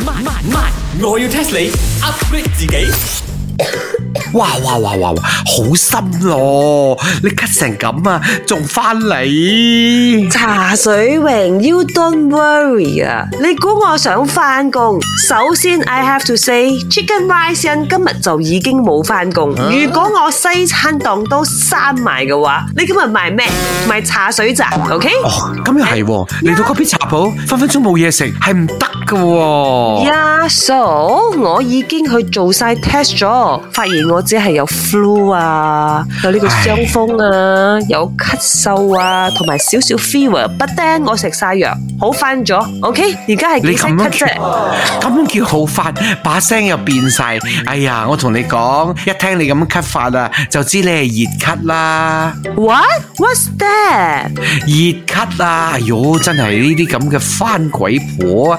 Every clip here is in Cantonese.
慢慢，我要 test 你 upgrade 自己。哇哇哇哇哇，好心咯！你咳成咁啊，仲翻嚟？茶水榮，You don't worry 啊！你估我想翻工？首先，I have to say，Chicken Rice 今日就已經冇翻工。如果我西餐檔都閂埋嘅話，你今日賣咩？賣茶水咋？OK？哦，咁又係嚟到嗰邊茶鋪，分分鐘冇嘢食，係唔得。嘅喎，呀，所以我已經去做晒 test 咗，發現我只係有 flu 啊，有呢個傷風啊，唉有咳嗽啊，同埋少少 fever。But then 我食晒藥好翻咗，OK，而家係幾聲咳啫。咁叫好翻，把聲又變晒。哎呀，我同你講，一聽你咁樣咳法啊，就知你係熱咳啦。What？What's that？熱咳啊，喲、哎，真係呢啲咁嘅番鬼婆。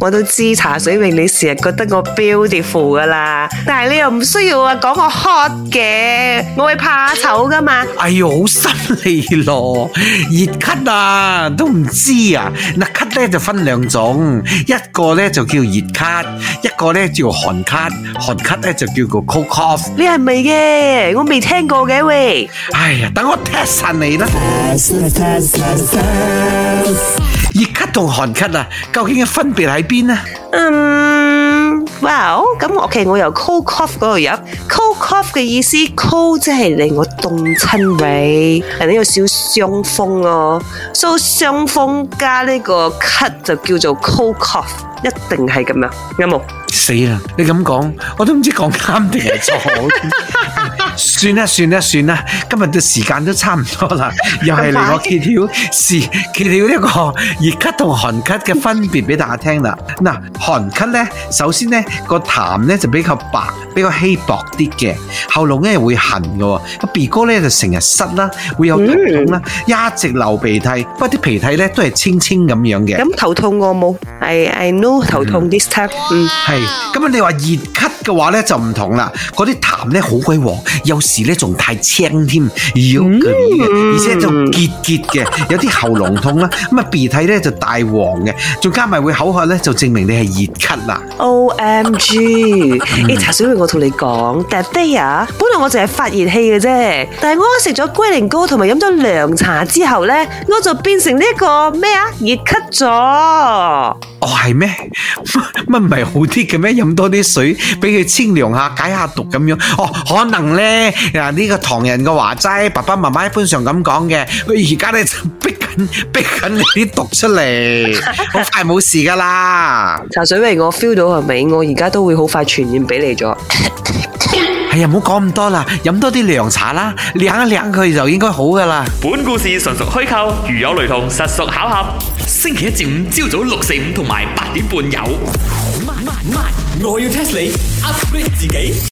我都知茶水泳，你成日覺得我 beautiful 噶啦，但係你又唔需要啊講我 hot 嘅，我會怕醜噶嘛。哎呀，好失禮咯，熱咳啊都唔知啊，嗱咳咧就分兩種，一個咧就叫熱咳，一個咧叫寒咳，寒咳咧就叫做 cold cough。你係咪嘅？我未聽過嘅喂。哎呀，等我 test 下你啦。熱咳同寒咳究竟嘅分別喺邊呢？嗯，哇、哦，咁我其實我由 cold cough 嗰度入，cold cough 嘅意思，cold 即係令我凍親你，係呢個小傷風哦，所以傷風加呢個咳就叫做 cold cough，一定係咁樣，有冇？死啦！你咁講，我都唔知講啱定係錯。算啦算啦算啦，今日嘅時間都差唔多啦，又係嚟我揭曉揭曉一個熱咳同寒咳嘅分別俾大家聽啦。嗱，寒咳咧，首先呢個痰呢就比較白，比較稀薄啲嘅，喉嚨咧會痕嘅，個鼻哥咧就成日塞啦，會有頭痛啦，一、嗯、直流鼻涕，不過啲鼻涕咧都係清清咁樣嘅。咁頭痛我冇，I know 頭痛 this time。嗯，係咁你話熱的話熱咳嘅話咧就唔同啦，嗰啲痰咧好鬼黃。有時咧仲太青添，而且就結結嘅，有啲喉嚨痛啦。 鼻涕就大黃嘅，仲加埋會口渴咧，就證明你係熱咳啦。OMG！茶水味，我同你講，但係啊，本來我淨係發熱氣嘅啫，但係我食咗龜苓膏同埋飲咗涼茶之後咧，我就變成呢、這個咩啊熱咳咗。哦，係咩？乜唔係好啲嘅咩？飲多啲水，俾佢清涼下，解下毒咁樣。哦，可能咧，嗱、啊、呢、個唐人嘅話齋，爸爸媽媽一般常咁講嘅。佢而家咧就逼緊逼緊你啲毒出嚟，好 快冇事噶啦。茶水味，我 feel 到係咪？我而家都會好快傳染俾你咗。 係、哎、呀，唔好講咁多啦，飲多啲涼茶啦，舐一舐佢就應該好噶啦。本故事純屬虛構，如有雷同，實屬巧合。星期一至五朝早六四五同埋八點半有。Oh, my, my, my. 我要 test 你，upgrade 自己。